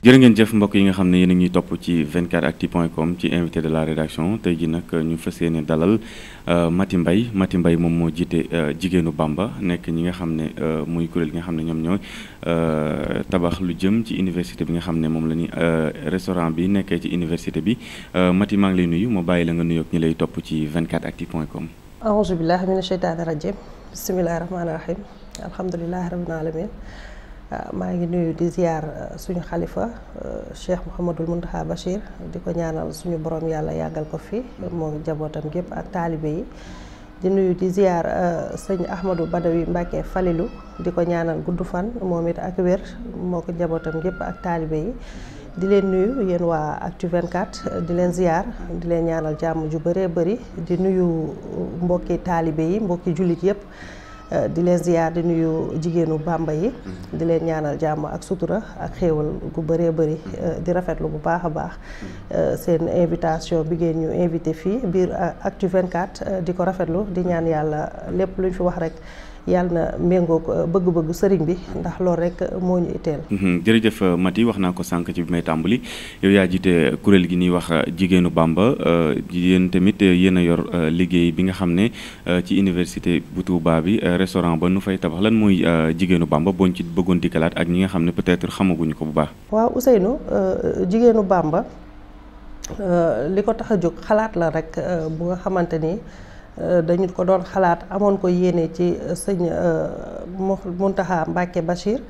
jërë ngeen jëf mbokk yi nga xam ne yéen a ñuy topp ci 24actu point com ci invité de la rédaction tey ji nag euh, ñu fas yéene dalal euh, Mati mbay Mati mbay moom moo jiite euh, jigéenu Bamba nekk ñi nga xam ne muy kuréel gi nga xam ne ñoom ñooy tabax lu jëm ci université bi nga xam ne moom la ñuy restaurant bi nekkee ci université bi Mati maa ngi lay nuyu moo bàyyi la nga nuyoog ñu lay topp ci 24actu point com. aouzu billahi mina sheytaani rajim bismillahi rahmaani rahim alhamdulilahi rabbil alamin Euh, maa ngi nuyu di ziar euh, suñu xalifa euh, Cheikh Mouhamadul Mountakha Bachir di ko ñaanal suñu borom yàlla yàggal ko fi moom jabootam gépp ak taalibe di nuyu di ziar sëñ Ahmadou Badawi Mbacke Falilou di ko ñaanal gudd fan moom it ak wér moo ko jabootam gépp ak taalibe yi di leen nuyu yéen waa ak Actu 24 di leen ziar di leen ñaanal jàmm ju baree bëri di nuyu mbokki taalibe yi mbokki jullit yëpp Euh, di leen ziyaar di nuyu jigéenu bàmba yi mm-hmm. di leen ñaanal jàmm ak sutura ak xéewal gu bëree bëri mm-hmm. euh, di rafetlu bu baax a baax mm-hmm. euh, seen invitation bi ngeen ñu invité fii biir Actu 24 di ko rafetlu di ñaan yàlla lépp luñ fi wax rek yàlla na méngoog euh, bëgg-bëgg sëriñ bi ndax loolu rek euh, moo ñu itteel. Mm-hmm. jërëjëf euh, Mati wax naa ko sànq ci bi may tàmbali yow yaa jiite kuréel gi ñuy wax jigéenu Bamba yéen tamit yéen a yor liggéey bi nga xam ne ci université bu Touba bi restaurant ba nu fay tabax lan mooy jigéenu Bamba boo ñu ci bëggoon dikkalaat ak ñi nga xam ne peut-être xamaguñu ko bu baax. waaw Ousseynou jigéenu Bamba li ko tax a jóg xalaat la rek bu nga xamante ni. Euh, dañu ko doon xalaat amoon ko yéene ci euh, sëñ euh, Muntaxa Mbàkke Bachir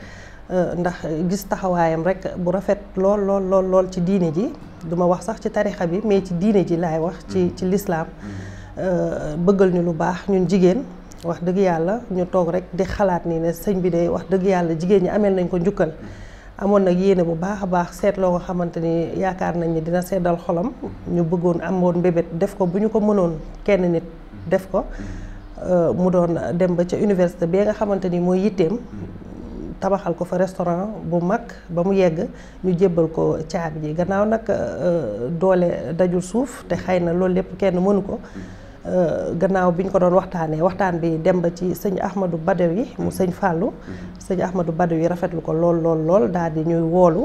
ndax gis taxawaayam rek bu rafet lool lool lool ci diine ji duma wax sax ci tarixa bi mais ci diine ji laay wax ci ci lislaam mm-hmm. bëggal ñu lu baax ñun jigéen wax dëgg yàlla ñu toog rek di xalaat ni ne sëñ bi de wax dëgg yàlla jigéen ñi ameel nañ ko njukkal amoon nag yéene bu baax a baax seetloo nga xamante ni yaakaar nañ ni dina seddal xolam mm-hmm. ñu bëggoon amoon mbébét def ko bu ñu ko mënoon kenn nit def ko euh, mu doon dem ba ca université bi nga xamante ni mooy yitteem tabaxal ko fa restaurant bu mag ba mu yegg ñu jébbal ko caabi ji gannaaw nag euh, doole dajul suuf te xëy na loolu lépp kenn mënu ko euh, gannaaw bi ñu ko doon waxtaanee waxtaan bi dem ba ci sëñ Ahmadou yi mu sëñ fàllu sëñ Ahmadou Badawi rafetlu ko lool lool lool daal di ñuy woolu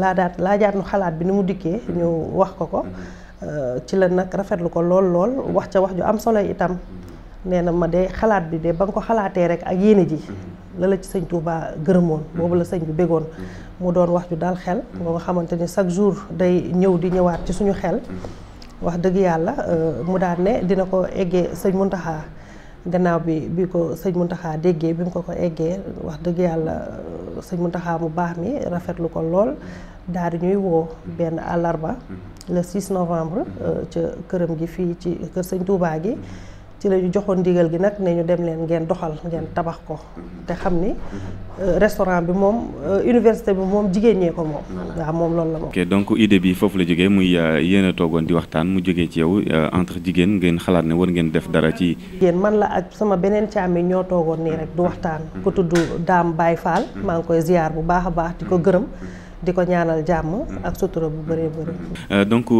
laa daat laajaat nu xalaat bi ni mu dikkee ñu wax ko ko Euh, ci la nag rafetlu ko lool lool wax ca wax ju am solo itam nee na ma de xalaat bi de ba nga ko xalaatee rek ak yéene ji lala ci sëñ Touba gërëmoon boobu la sëñ bi bégoon mu doon wax ju daal xel nga nga xamante ni chaque jour day ñëw di ñëwaat ci suñu xel wax dëgg yàlla euh, mu daan ne dina ko eggee sëñ Muntaxa gannaaw bi bi ko sëñ mu Mountakha déggee bi mu ko ko eggee wax dëgg yàlla euh, sëñ mu Mountakha mu baax mi rafetlu ko lool daal di ñuy woo benn àllarba mhm. le 6 novembre euh, ca këram gi fii ci kër sëñ Touba gi. ci lañu ñu joxoon ndigal gi nag ne ñu dem leen ngeen doxal ngeen tabax ko te xam ni euh, restaurant bi moom euh, université bi moom jigéen ñee ko moom waaw moom loolu la moom ok donc idée bi foofu la jógee muy euh, yéen a toogoon di waxtaan mu jógee ci yow entre jigéen ngeen xalaat ne war ngeen def dara ci jigéen man la ak sama beneen caami ñoo toogoon nii waxtaan mm-hmm. ku tudd daam Baye faal mm-hmm. maa ngi koy ziar bu baax a baax di ko mm-hmm. gërëm di ko ñaanal jàmm ak sutura bu bëree bëri. donc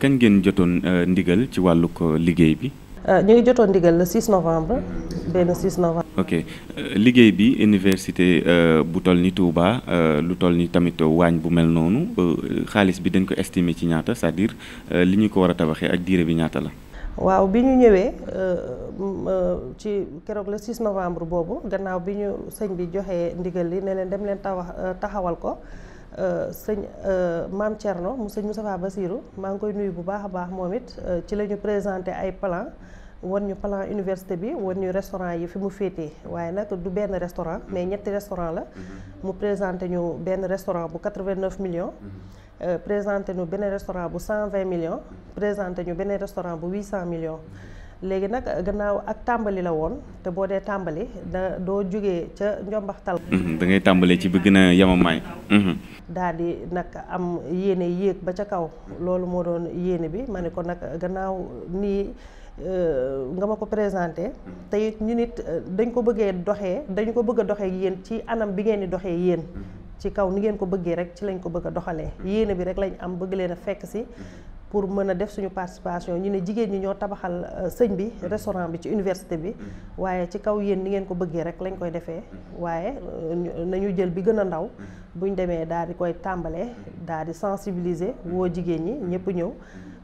kañ ngeen jotoon ndigal ci wàllug liggéey bi. Euh, ñu ngi jotoo ndigal la 6 novembre. benn 6 novembre. ok euh, liggéey bi université euh, bu toll ni Touba lu toll ni tamit waañ bu mel noonu xaalis bi dañ ko estimer ci ñaata cest diir li ñu ko war a tabaxee ak diire bi ñaata la. waaw bi ñu ñëwee ci keroog le novembre boobu gannaaw bi ñu sëñ bi joxee ndigal li ne leen dem leen taxawal ko. Euh, sëñ euh, maam Thierno mu sëñ Moustapha Bassirou maa ngi koy nuyu bu baax a baax moom it euh, ci la ñu présenté ay palan wan ñu plan université bi wan ñu restaurant yi fi mu féetee waaye nag du benn restaurant mm-hmm. mais ñetti restaurant la mm-hmm. mu présenté ñu benn restaurant bu 89 millions mm-hmm. présenté ñu beneen restaurant bu 120 millions présenté ñu beneen restaurant bu 800 millions léegi nag eh, gannaaw ak tàmbali la woon te boo dee tàmbali da doo jógee ca njombaxtal mhm, da tàmbalee ci bi gën a yamamaay mhm. daal di nag am yéene yéeg ba ca kaw loolu moo doon yéene bi ma ne ko nag eh, gannaaw nii eh, nga ma ko présenté te it ñu nit dañ ko bëggee doxee dañ ko bëgg a doxee yéen ci anam bi ngeen di doxee yéen mhm. ci kaw ni ngeen ko bëggee rek ci lañ ko bëgg a doxalee yéene bi rek lañ am bëgg leen a fekk si pour mën a def suñu participation ñu ne jigéen ñi ñoo tabaxal euh, sëñ bi mm-hmm. restaurant bi ci université bi mm-hmm. waaye ci kaw yéen ni ngeen ko bëggee rek lañ koy defee mm-hmm. waaye euh, nañu jël bi gën a ndaw buñ demee daal di koy tàmbalee daal di sensibiliser woo jigéen ñi ñëpp ñëw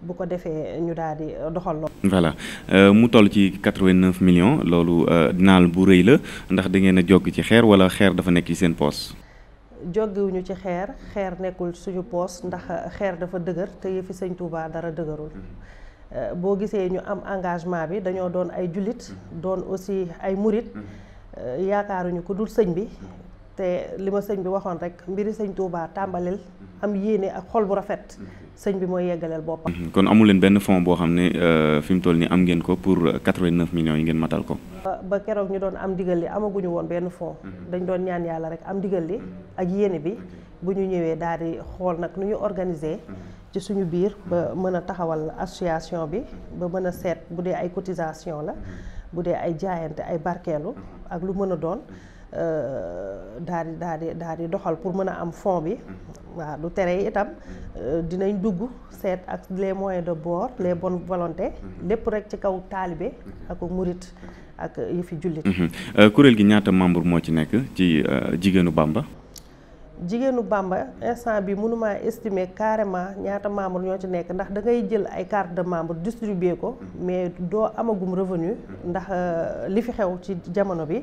bu ko defee ñu daal di euh, doxal lool. mu toll ci quatre-vingt-neuf millions loolu naal bu rëy la ndax da ngeen a jog ci xeer wala xeer dafa nekk ci seen poos joggiwuñu ci xeer xeer nekkul suñu poos ndax xeer dafa dëgër te yëfi sëñ Touba dara dëgërul mhm. euh, boo gisee ñu am engagement bi dañoo doon ay jullit mhm. doon aussi ay murit mhm. euh, yaakaaruñu ko dul sëñ bi te li ma sëñ bi waxoon rek mbiri sëñ Touba tàmbalil am yéene ak xol bu rafet sëñ bi mooy yeggaleel boppam. Mhm. kon amul leen benn fonds boo xam ne euh, fi mu toll nii am ngeen ko pour 89 euh, millions yi ngeen matal ko. ba keroog ñu doon am digal li amaguñu woon benn fonds. Mhm. dañ doon ñaan yàlla rek am digal li mhm. ak yéene bi bu ñu ñëwee daal di xool nag nu ñu organiser. ci suñu biir ba mën a taxawal association bi ba mën a seet bu dee ay cotisation la bu dee ay jaayante ay barkeelu ak lu mën a doon. Euh, daal di daal di daal di doxal pour mën a am fond bi mm-hmm. waaw du tere itam euh, dinañ dugg seet ak les moyens de bord les mm-hmm. bonnes volontés mm-hmm. lépp rek ci kaw taalibe ak murit ak yi fi jullit euh, kuréel gi ñaata membre moo ci nekk ci jigéenu Bamba jigéenu Bamba instant bi mënuma estimer carrément ñaata membre ñoo ci nekk ndax dangay jël ay carte de membre distribuer ko mais doo amagum revenu ndax li fi xew ci jamono bi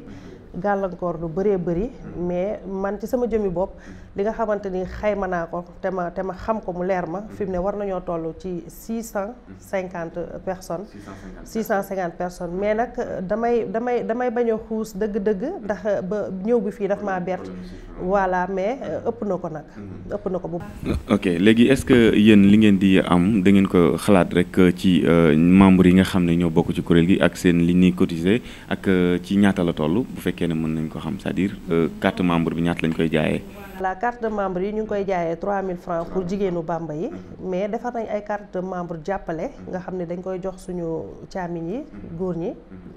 gàllankoor lu bëree bëri mais man ci sama jëmmi bopp li nga xamante ni xayma naa ko te ma xam ko mu leer ma fi mu ne war nañoo toll ci six cent cinquante personne six cent cinquante personne mais nag damay damay damay bañ a xuus dëgg-dëgg ndax ba ñëw bi fii daf maa bett voilà mais euh, ëpp na ko nag mhm. ëpp na ko bu ok léegi est-ce que yéen li ngeen di am da ngeen ko xalaat rek ci euh, membres yi nga xam ne ñëw bokk ci kuréel gi ak seen li ñuy cotiser ak euh, ci ñaata la toll fekkee ne mën nañ ko xam c'est-à-dire euh, carte membre bi ñaata lañ koy jaayee. la carte de membre yi ñu ngi koy jaayee 3000 francs pour jigéenu Bamba yi mais defar nañ ay carte de jàppale nga xam ne dañ koy jox suñu caamin yi góor ñi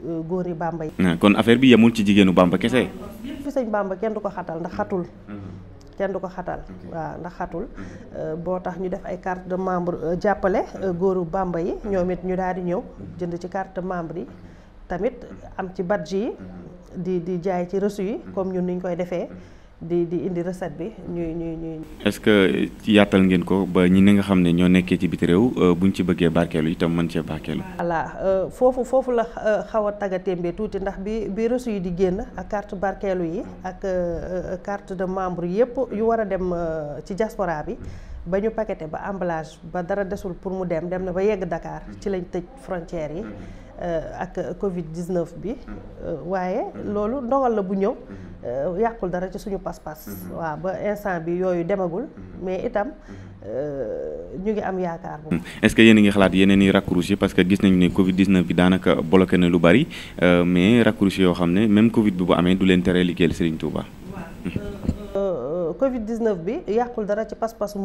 euh, góor yi Bamba yi. Ah, kon affaire bi yemul ci jigéenu Bamba kese. fi sëñ kenn du ko xatal ndax xatul. Mm-hmm. kenn du ko xatal waaw ndax xatul mm-hmm. euh, boo tax ñu def ay carte de membre jàppale góoru bamba yi ñoom it ñu daal di ñëw jënd ci quart membre yi tamit am ci badge yi di di jaay ci reçu yi. Mm. comme ñun ni ñu koy defee. Mm. di di indi recette bi ñuy ñuy ñuy. est-ce que yaatal ngeen ko ba ñi ni nga xam ne ñoo nekkee ci biti réew euh, buñ ci bëggee barkeelu itam mën cee barkeelu. voilà euh, foofu foofu la euh, xaw a taggatémbee tuuti ndax bi bi reçu yi di génn ak carte barkeelu yi ak carte de membre yépp yu war a dem ci diaspora bi ba ñu paqueté ba emballage ba dara desul pour mu dem dem na ba yegg dakaar ci lañ tëj frontières yi. Mm. Euh, ak Covid 19 bi. Mm-hmm. Euh, waaye mm-hmm. loolu ndogal la bu ñëw. Mm-hmm. Euh, yàqul dara ci suñu pas-pas. waaw ba instant bi yooyu demagul. mais itam ñu ngi am yaakaar bu est-ce que ngi xalaat yeneen i raccourci parce que gis nañu ni Covid 19 bi daanaka bloqué na lu bari mais raccourci yoo xam ne même Covid bi bu amee du leen tere liggéeyal Serigne Touba. Covid 19 bi yàqul dara ci pas-pasu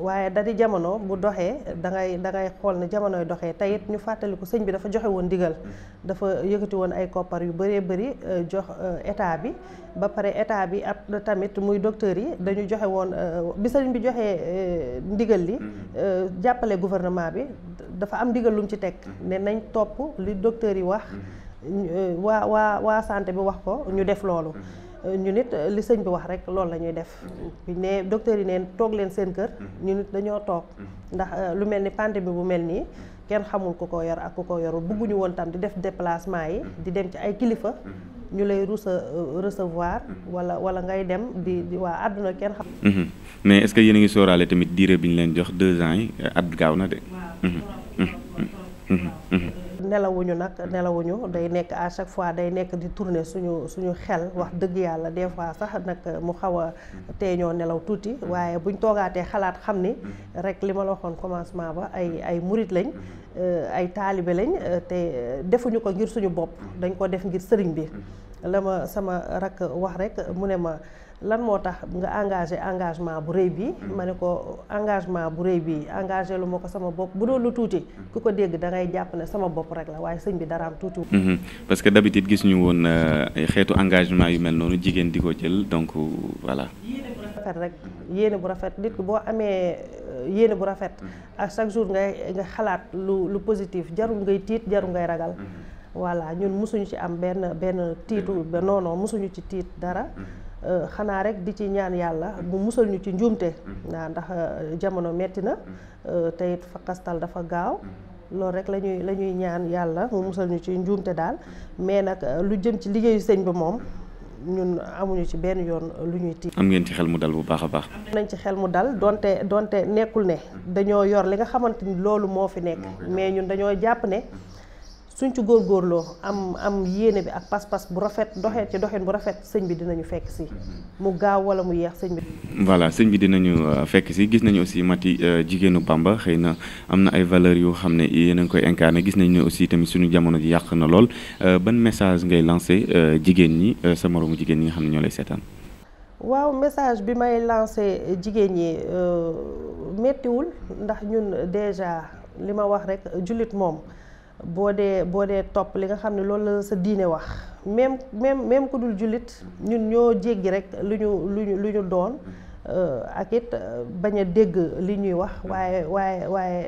waaye dari jamono bu doxee da ngay da xool ne jamonoy doxee tey it ñu fàttaliku sëñ bi dafa joxe woon digal mm-hmm. dafa yëkkati woon ay koppar yu bëree bëri euh, jox euh, état bi ba pare état bi ab tamit muy docteur yi dañu mm-hmm. joxe woon euh, bi sëñ bi joxee ndigal li mm-hmm. jàppale gouvernement bi dafa am ndigal lu ci teg ne nañ topp li docteur yi wax waa waa waa santé bi wax ko ñu def loolu ñu nit euh, li sëñ bi wax rek loolu la ñuy def mm-hmm. ne docteur yi neen toog leen seen kër mm-hmm. ñu nit dañoo toog mm-hmm. ndax euh, lu mel ni bi bu mel nii kenn xamul ku ko yor ak ku ko yorul bëgguñu woon tam di def déplacement yi di dem ci ay kilifa ñu lay rece euh, recevoir wala wala ngay dem di di waa àdduna kenn xam mais est-ce que yéen ngi sóoraale tamit diire bi ñu leen jox deux ans yi at gaaw na de nelawuñu nag nelawuñu day nekk à chaque fois day nekk di tourner suñu suñu xel wax dëgg yàlla des fois sax nag mu xaw a tee nelaw tuuti mm-hmm. waaye buñ toogaatee xalaat xam ni mm-hmm. rek li ma la waxoon commencement ba ay mm-hmm. ay murit lañ euh, ay taalibe lañ euh, te euh, defuñu ko ngir suñu bopp dañ ko def ngir sëriñ bi la ma sama rakk wax rek mu ne ma lan moo tax nga engagé engagement bu rëy bi hmm. ma ne ko engagement bu rëy bi engagé lu ma ko sama bopp bu doon lu tuuti hmm. ku ko dégg da ngay jàpp ne sama bopp rek la waaye sëñ bi daraam tuuti hmm. parce que d'habitude gis ñu woon euh, xeetu engagement yu mel noonu jigéen di ko jël donc voilà rafet rek yéene bu rafet nit ki boo amee euh, yéene bu rafet ak chaque jour ngay nga xalaat lu lu positif jarul ngay tiit jarul ngay ragal voilà ñun mësuñu ci am benn benn tiitu non non mosuñu ci tiit dara Euh, xanaa rek di ci ñaan yàlla mu musal ñu ci njuumte waaw mm-hmm. ndax euh, jamono metti na mm-hmm. euh, te it fakastal dafa gaaw mm-hmm. loolu rek la ñuy la ñuy ñaan yàlla mu musal ñu ci njuumte daal mais nag lu jëm ci liggéeyu sëñ bi moom ñun amuñu ci benn yoon lu ñuy tiit. am ngeen ci xel mu dal bu baax a baax. am ci xel mu dal donte donte nekkul ne dañoo yor li nga xamante ni loolu moo fi nekk mais ñun dañoo jàpp ne. suñ ci góorgóorloo am am yéene bi ak pas-pas bu rafet doxee ci doxin bu rafet sëñ bi dinañu fekk si mu gaaw wala mu yeex sëñ bi. voilà sëñ bi dinañu euh, fekk si gis nañu aussi mati euh, jigéenu Bamba xëy na am na ay valeurs yu xam ne yéen a ngi koy incarné gis nañu ne aussi tamit suñu jamono ji yàq na lool euh, ban message ngay lancé jigéen ñi sa moroomu jigéen ñi nga xam ne ñoo lay seetaan. waaw message bi may lancé jigéen ñi méttiwul ndax ñun déjà li ma wax rek jullit moom. boo dee boo dee topp li nga xam ne loolu la sa diine wax même même même ku dul jullit ñun ñoo jéggi rek lu ñu lu ñu lu ñu doon euh, ak it euh, bañ a dégg li ñuy wax mm-hmm. waaye waaye waaye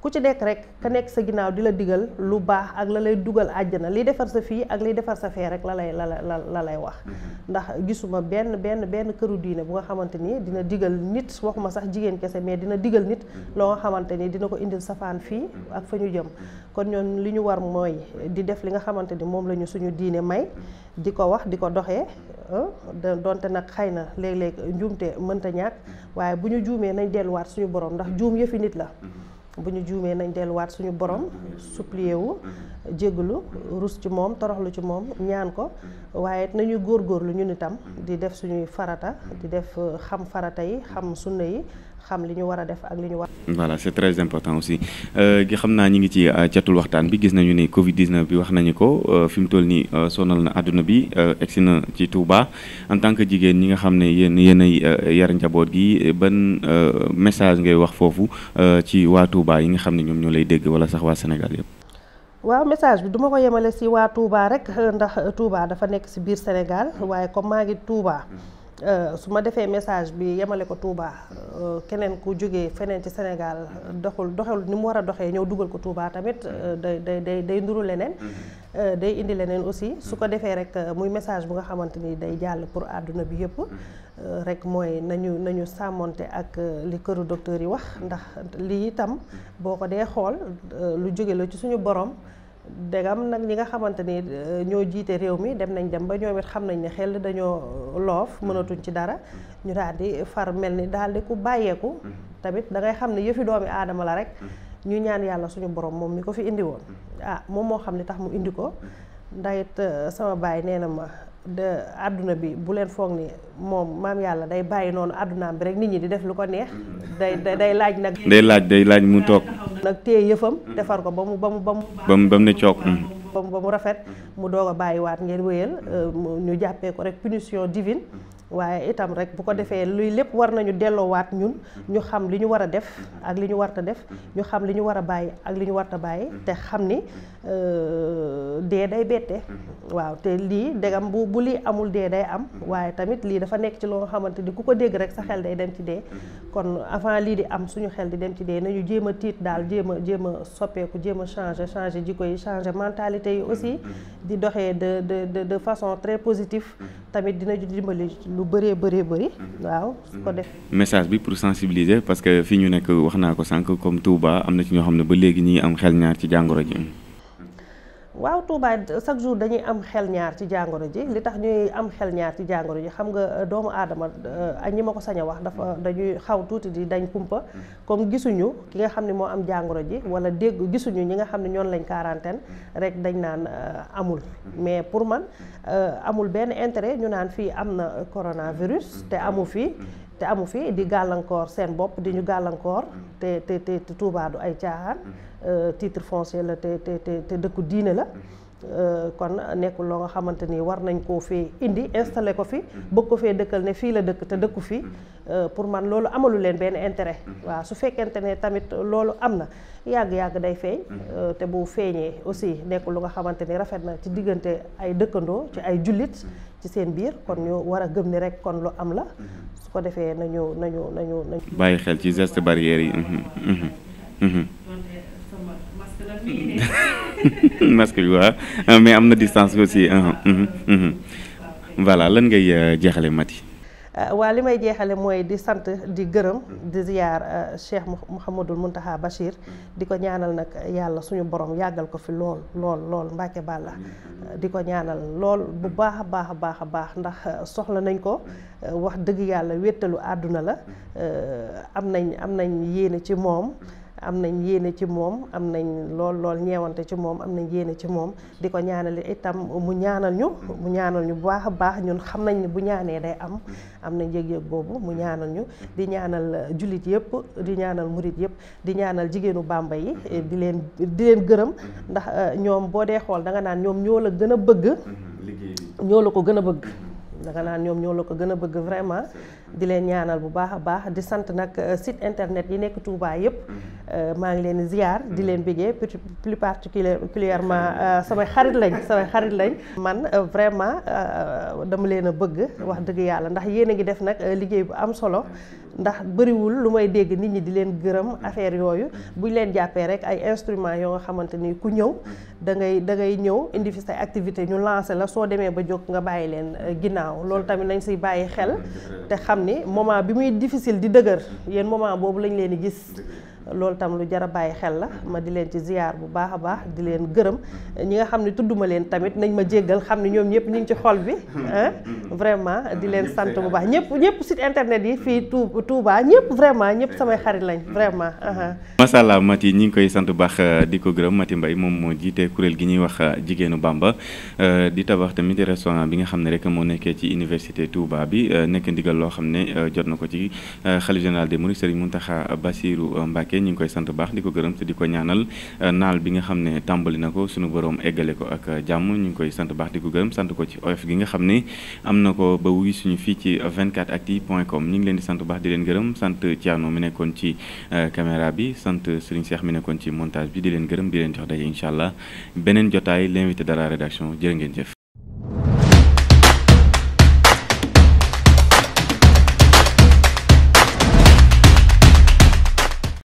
ku ci nekk rek ka nekk sa ginnaaw di la digal lu baax ak la lay dugal àjjana liy defar sa fii ak liy defar sa fee rek la lay la la la lay wax mm-hmm. ndax gisuma benn benn benn këru diine bu nga xamante ni dina digal nit waxuma sax jigéen kese mais dina digal nit mm-hmm. loo xamante ni dina ko indil safaan fii mm-hmm. ak fa ñu jëm kon ñoon li ñu war mooy di def li nga xamante ni moom la ñu suñu diine may di ko wax di ko doxee ah, donte nag xëy na léeg njuumte mënta ñàkk waaye bu ñu juumee nañ delluwaat suñu borom ndax juum yëfi nit la bu ñu juumee nañ delluwaat suñu borom supplier wu jégalu rus ci moom toroxlu ci moom ñaan ko waaye nañuy góorlu ñun itam di def suñuy farata di def xam farata yi xam sunna yi xam li ñu war a def ak li ñu war voilà c'est euh, xam naa ñi ngi ci euh, catul waxtaan bi gis nañu ni Covid 19 bi wax nañu ko euh, fi mu toll nii sonal na àdduna bi egsi na ci Touba en tant que jigéen ñi nga xam ne yéen yéen ay yar njaboot gi ban message ngay wax foofu ci waa Touba yi nga xam ne ñoom ñoo lay dégg wala sax waa Sénégal yëpp. waaw message bi duma ko yemale si waa Touba rek ndax Touba dafa nekk si biir Sénégal waaye comme maa ngi Touba. Mm. Euh, su ma defee message bi yemale ko Touba euh, keneen ku jógee feneen ci Sénégal doxul doxul ni mu war a doxee ñëw dugal ko Touba tamit mm-hmm. euh, day day day day nduru leneen. Mm-hmm. day indi leneen aussi mm-hmm. su ko defee rek muy message bu nga xamante ni day jàll pour àdduna bi yëpp. rek mooy nañu nañu sàmmoonte ak li këru docteur yi wax ndax lii itam boo ko dee xool lu jóge la ci suñu borom. dégam nag ñi nga xamante ni euh, ñoo jiite réew mi dem nañ dem ba ñoom xam nañ ne xel dañoo loof mm-hmm. mënatuñ ci dara mm-hmm. ñu daal di far mel ni daal di ku bàyyeeku mm-hmm. tamit da ngay xam ne yëfi doomi aadama la rek ñu ñaan yàlla suñu borom moom mi ko fi indi woon ah moom moo xam li tax mu indi ko ndayit euh, sama baay nee na àdduna bi bu leen foog moom maam yàlla day bàyyi noonu àddunaam bi rek nit ñi di def lu ko neex day day laaj nag day laaj day laaj mu toog nag téye yëfam mm. defar ko ba mu ba mu ba mu ba mu ne coog mm. mm. ba mu rafet mu doog a bàyyiwaat ngeen wéyal euh, ñu jàppee ko rek punition divine waaye itam rek bu ko defee luy lépp war nañu delloowaat ñun ñu xam li ñu war a def ak li ñu warta def ñu xam li ñu war a bàyyi ak li ñu warta bàyyi te xam ni Euh, dee day bette mm-hmm. waaw te lii degam bu bu lii amul dee day am mm-hmm. waaye tamit lii dafa nekk ci loo xamante ni ku ko dégg rek sa xel day dem ci dee mm-hmm. kon avant lii di am suñu xel di dem ci dee nañu jéem a tiit daal jéem a jéem a soppeeku jéem a changer changer ji yi changer mentalité yi aussi di doxee de de de façon très positif tamit dina dimbali lu bëree bëree bëri waaw su ko def message bi pour sensibiliser parce que fii ñu nekk wax naa ko sànq comme Touba am na ci ñoo xam ne ba léegi ñi am xel ñaar ci jàngoro ji waaw Touba chaque jour dañuy am xel ñaar ci jàngoro ji li tax ñuy am xel ñaar ci jàngoro ji xam nga euh, doomu aadama euh, ak ñi ma ko sañ a wax dafa mm-hmm. dañuy xaw tuuti di dañ kumpa comme mm-hmm. gisuñu ki nga xam ni moo am jàngoro ji wala dégg gisuñu ñi nga xam ne ñoon lañ quarantaine mm-hmm. rek dañ naan euh, amul mais pour man amul benn intérêt ñu naan fii am na coronavirus te amu fi te amu fi di gàllankoor seen bopp di ñu gàllankoor te te te Touba ay caaxaan Euh, titre foncier la te te te dëkku diine la euh, kon nekkul loo nga xamante ni war nañ koo fee indi installé ko fi bëgg ko fee dëkkal ne fii la dëkk te dëkku fi euh, pour man loolu amalu leen benn intérêt waaw su fekkente ne tamit loolu am na yàgg-yàgg day feeñ te bu feeñee aussi nekkul lu nga xamante ni rafet na ci diggante ay dëkkandoo ci ay jullit ci seen biir kon ñu war a gëm ni rek kon lu am la su ko defee nañu nañu nañu nañu bàyyi xel ci geste barrière yi masque bi waaw mais am na distance aussi mhm, mhm. voilà lan ngay euh, jeexale Mati euh, waa li may jeexale mooy di sant di gërëm di ziyaar euh, Cheikh Mouhamadul Mountaha Bachir di ko ñaanal nag yàlla suñu borom yàggal ko fi lool lool lool Mbàkke Bàlla di ko ñaanal lool bu baax a baax a baax a baax ndax soxla nañ ko wax dëgg yàlla wéttalu àdduna la am nañ am nañ yéene ci moom am nañ yéene ci moom am nañ lool lool ñeewante ci moom am nañ yéene ci moom di ko ñaanal itam mu ñaanal ñu mu ñaanal ñu bu baax a baax ñun xam nañ ne bu ñaanee day am am nañ yëg-yëg boobu mu ñaanal ñu di ñaanal jullit yëpp di ñaanal murit yëpp di ñaanal jigéenu Bàmba yi di leen di leen gërëm ndax euh, ñoom boo dee xool da nga naan ñoom ñoo la gën a bëgg mhm. ñoo la ko gën a bëgg danga naan ñoom ñoo la ko gën a bëgg vraiment di leen ñaanal bu baax a baax di sant nag euh, site internet yi nekk Touba yëpp euh, maa ngi leen di ziar di leen bégee plus particulièrement euh, samay xarit lañ samay xarit lañ man vraiment dama leen a bëgg wax dëgg yàlla ndax yéen a ngi def nag liggéey bu am solo ndax bëriwul lu may dégg nit ñi di leen gërëm affaire yooyu buñ leen jàppee rek ay instruments yoo nga xamante ni ku ñëw da ngay da ngay ñëw indi fi sa activité ñu lancé la soo demee ba jóg nga bàyyi leen euh, ginnaaw loolu tamit nañ si bàyyi xel te xam ni moment bi muy difficile di dëgër yéen moment boobu lañ leen di gis loolu tam lu jar a bàyyi xel la ma di leen ci ziyaar bu baax a baax di leen gërëm ñi nga xam ne tudduma leen tamit nañ ma jéggal xam ne ñoom ñëpp ñu ngi ci xol bi vraiment di leen sant bu baax ñëpp ñëpp site internet yi fii Tou Touba ñëpp vraiment ñëpp samay xarit lañ vraiment. macha allah Mati ñi ngi koy sant bu baax euh, di ko gërëm Mati mbay moom moo jiite kuréel gi ñuy wax euh, jigéenu Bamba euh, di tabax tamit restaurant bi nga xam ne rek moo nekkee ci université Touba bi nekk ndigal loo xam ne jot na ko ci xalif général des Mourides Serigne Mountakha Bassirou Mbacké ñu ngi koy sant baax di ko gërëm te di ko ñaanal euh, naal bi nga xam ne tàmbali na ko sunu borom eggale ko ak euh, jàmm ñu ngi koy sant baax di ko gërëm sant ko ci oyof gi nga xam ne am na ko ba wuy suñu fii ci 24actu point com ñu ngi leen di sant baax di leen gërëm sant Thierno mi nekkoon ci euh, caméra bi sant Serigne Cheikh mi nekkoon ci montage bi di leen gërëm di leen jox daje incha allah beneen jotaay l'invité de la rédaction jërë ngeen jëf